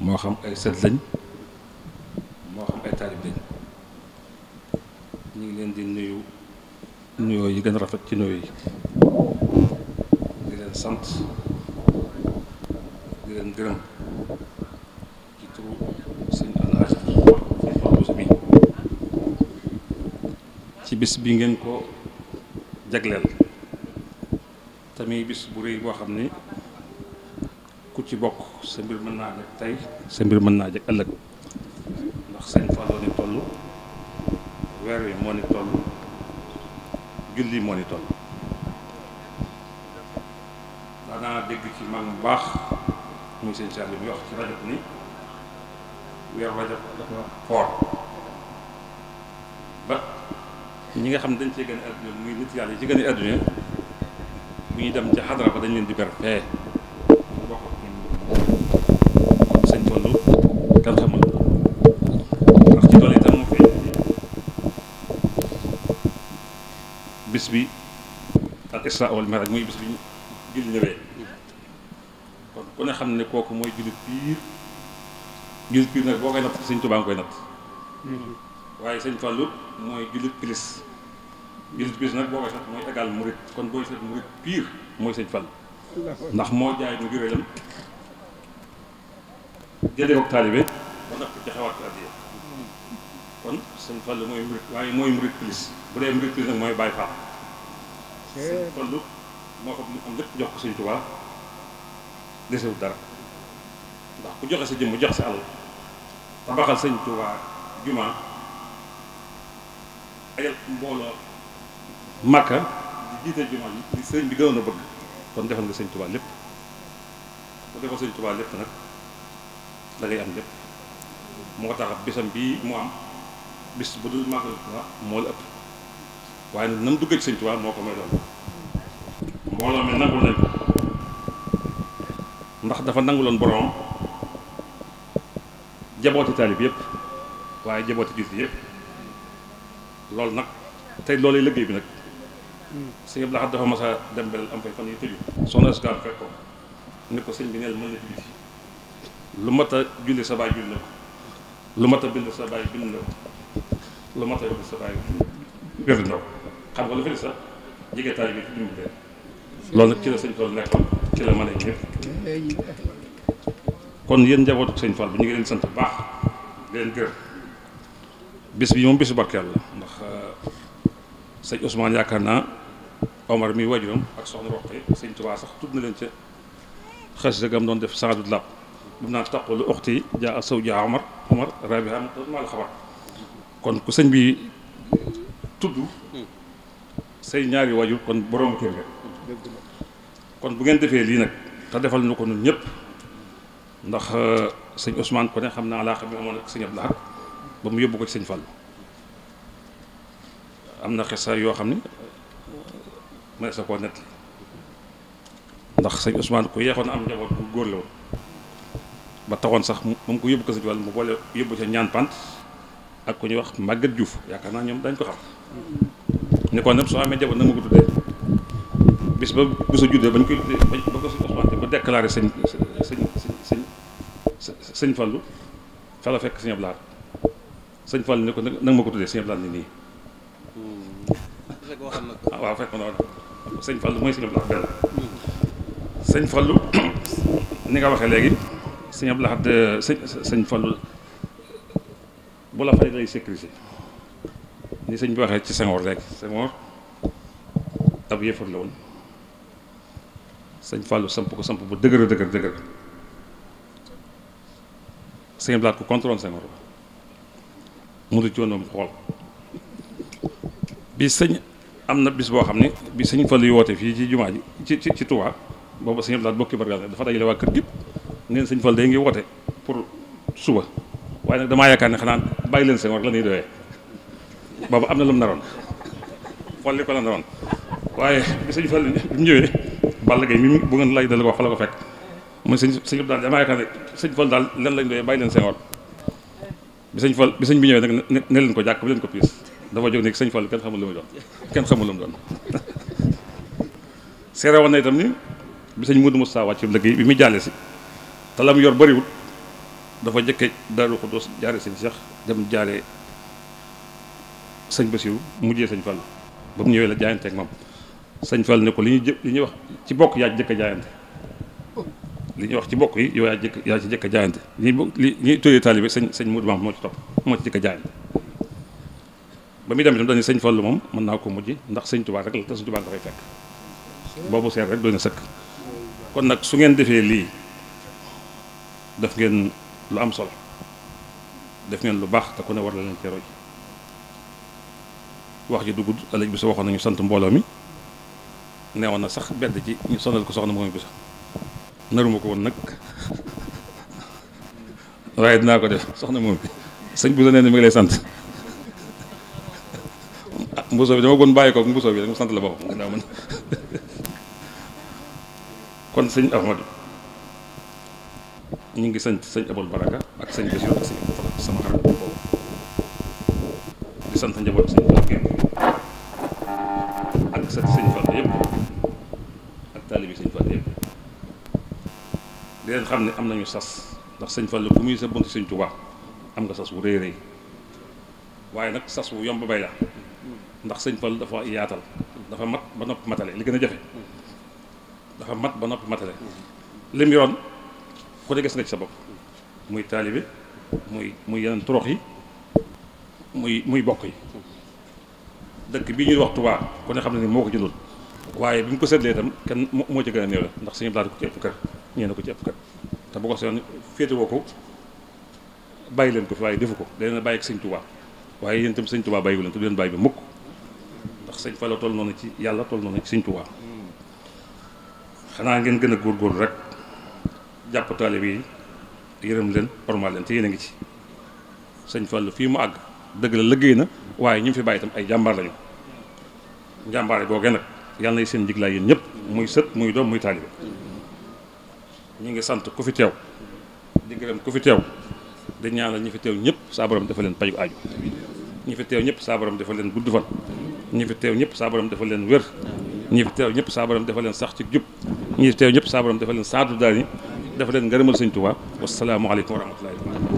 moo xam ay sët lañ moo xam ay taalib lañ ñu ngi leen di nuyu nuyoo yi gën a rafet ci nuyoo yi di leen sant di leen gërëm ci turu sëñ Alaaji Fallou bi ci bis bi ngeen ko jagleel tamit bis bu rëy boo xam ne ku ci bokk sa mbir mën naa jag tey sa mbir mën naa jag ëllëg ndax seen fàlloo ni toll weer wi moo ni toll julli moo ni toll danaa dégg ci mag bu baax muy seen saali bi wax ci rajab ni weer rajab dafa foor ba ñi nga xam dañ cee gën a adduna muy nit yàlla yi ci gën a adduna bu dem ci xadara ba dañ leen di ber bi al isra wal miraj muy bis bi julli ñëwee kon ku ne xam ne kooku mooy jullit piir jullit piir nag boo koy natt sëñ waaye sëñ Fallu mooy jullit pilis jullit nag boo koy natt mooy égal murit kon booy seet murit piir mooy sëñ Fallu ndax moo jaay mu juréelam jëlee ko taalibe ba noppi joxewaat ko addiya kon sëñ Fallu mooy murit waaye mooy murit pilis bu dee murit pilis nag mooy Baay Faal seen xollu moo ko am lépp jox ko sëñ Tuubaa desewul dara ndax ku joxe sa jëmm jox sa alal tabaxal sëñ Tuubaa juma ayal mbooloo Makka di jiite juma li sëñ bi gënoon a bëgg kon defal nga sëñ Tuubaa lépp ku defal sëñ Tuubaa lépp nag da ngay am lépp moo tax bisam bii mu am bis bu dul màggal Tuubaa moo la ëpp waaye nag na mu duggee sëñ Tuubaa moo ko may doon mbooloo mi nangul nañ ko ndax dafa nanguloon boroom jabooti taalib yépp waaye jabooti jullit yëpp loolu nag tey loolu liggéey bi nag sëñ la Lahad dafa mas dem benn am fay fan yu tëju soxna Asgar fekk ko ni ko sëñ bi neel mën na julli lu mat a julli sa baay julli na lu mat a bind sa baay bind na ko lu mat a yóbbu sa baay wér ndaw xam nga lu fi sax ah? jigéen taal bi duñu leen loolu nag ci la sëñ Fall nekkoon ci la man a yëpp kon yéen njabootu sëñ Fall bi ñu ngi sant bu baax bis bi moom bisu barkeel la ndax euh, sëñ Ousmane yaakaar naa Omar mi wajuram ak soxna Roqe sëñ Tuubaa sax tudd na leen ca xas gam doon def saadu làpp dum naa taqulu uxti jaa saw jaa Omar Omar rabiha ma la xabar kon ku sëñ bi tuddu say ñaari wajur kon borom kër kon bu ngeen defee lii nag te defal na ko noonu ñëpp ndax euh, sëñ Ousmane ko ne xam naa laa xam amoon ak sëñ Abdou Lahad ba mu am na yoo xam ni mënees na koo nett ndax sëñ Ousmane ku yeexoon am njaboot bu góor la ba taxoon sax mu ko yóbbu ko sëñ Fall mu boole yóbbu ca ñaan pant ak ko ñu wax Maguette Diouf yaakaar naa ñoom dañ ko xam ni ko nag soo amee jabar na ma ko tuddee bis ba bisu juddee bañ koy ba ko suñu Ousmane ba déclaré sëñ sëñ sëñ sëñ Fallou fekk sëñ Ablaat sëñ Fallou ni ko nag ma ko tuddee sëñ Ablaat ni nii ah, waaw fekk sëñ Fallou mooy sëñ Ablaat benn ni nga waxee léegi sëñ Ablaat euh, sëñ sëñ Fallou bu la fay lay sécuriser ni sëñ bi waxee ci Senghor rek Senghor ab yëfar la woon sëñ Fallou samp ko sëmp bu dëgër dëgër dëgër sëñ Blaat ko contrôle Senghor ba mu du coonoom xool bi sëñ am na bis boo xam ne bi sëñ Fallou yu woote fii ci jumaa ji ci ci ci Touba boobu sëñ Blaat bokki bargal dafa dajale waa kër gi neen sëñ Fallou day ngi woote pour suba waaye nag damaa yaakaar ne xanaa bàyyi leen Senghor la ñuy doyee boobu am na lu mu naroon folli ko la naroon waaye bi sëñ Fall bi mu ñëwee Balla Gaye mi bu ngeen laaj dala ko fa la ko fekk mu sëñ sëñ daal damaa ne sëñ Fall daal lan lañ doyee bàyyi leen seen bi sëñ Fall bi sëñ bi ñëwee nag ne leen ko jàkk bi ko piis dafa jóg nekk sëñ Fall kenn xamul lu mu doon kenn xamul lu mu doon seere woon na itam ni bi muy jàllee si te la mu yor bëriwul dafa jëkke Daaru Xudoos jaare sëñ Cheikh dem jaare sëñ Basiru mujjee sëñ Fallu ba mu ñëwee la jaayante ak moom sëñ Fallu ne ko li ñuy jë li ñuy wax ci bokk yaa jëkk a jaayante li ñuy wax ci bokk yi yow jëkk yaa ci jëkk a jaayante li ñuy tóyee taalibe sañ sëñ Mudu Maam moo ci topp moo ci jëkk a jaayante ba muy dem itam dañu sëñ lu moom mën naa ko mujj ndax sëñ Tuubaa rek la te sëñ Tuubaa nga fay fekk boobu seer rek doy na sëkk kon nag su ngeen defee lii def ngeen lu am solo def ngeen lu baax te ku ne war la leen cee roy wax ji du gudd alaaj bi sa waxoon nañu sant mbooloo mi neewoon na sax bedd ci ñu sonal ko soxna moom bi sa naruma ko woon nag waaye dinaa ko def soxna moom bi sëñ Bousso nee na mu ngi lay sant ah mbuso bi dama koon bàyyi ko mbuso bi rek mu sant la boppam ginnaaw man kon sëñ Ahmadou ñu ngi sant sëñ Abol Baraka ak sëñ Basiru ak sëñ sama xarit sant njaboot sëñ Fall gépp ak sant sëñ Fall yëpp ak taalibi sëñ Fall yëpp leen xam ne am nañu sas ndax sëñ Fall bu muy sa bëgg sëñ Tuubaa am nga sas wu rëy rëy waaye nag sas wu yomb bay la ndax sëñ Fall dafa yaatal dafa mat ba noppi matale li gën a jafe dafa mat ba noppi matale lim yoon ku ne gis nga ci sa bopp muy taalibi muy mu yeneen torox yi muy muy bokk yi dëkk bi ñuy wax Touba ku ne xam ne ni moo ko jëndoon waaye bi mu ko seetlee itam kenn moo ci gën a néew la ndax suñu blaati ko ci ëpp kër ñee ko ci ëpp kër te bu ko seen féete woo ko bàyyi leen ko fi waaye defu ko da leen bàyyi ak sëñ Touba waaye yéen itam sëñ Touba bàyyi leen te du leen bàyyi bi mukk ndax sëñ fa la toll noonu ci yàlla toll noonu ci sëñ Touba xanaa ngeen gën a góorgóorlu rek jàpp taalibe yërëm leen ormal leen te yéen a ngi ci sëñ Fall fii mu àgg dëgg la liggéey na waaye ñu fi bàyyi tam ay jàmbaar lañu jàmbaare googee nag yàlla na seen jiglaay yi ñëpp muy sët muy doom muy taalibe ñu ngi sant ku fi teew di gërëm ku fi teew di ñaanal ñi fi teew ñëpp saa borom dafa leen payu aju ñi fi teew ñëpp saa borom dafa leen gudd fan ñi fi teew ñëpp saa borom dafa leen wér ñi fi ñëpp saa dafa leen sax ci jub ñi fi teew ñëpp saa borom dafa leen saadu daal yi dafa leen ngërëmal sëñ Tuubaa wasalaamu aleykum wa rahmatullahi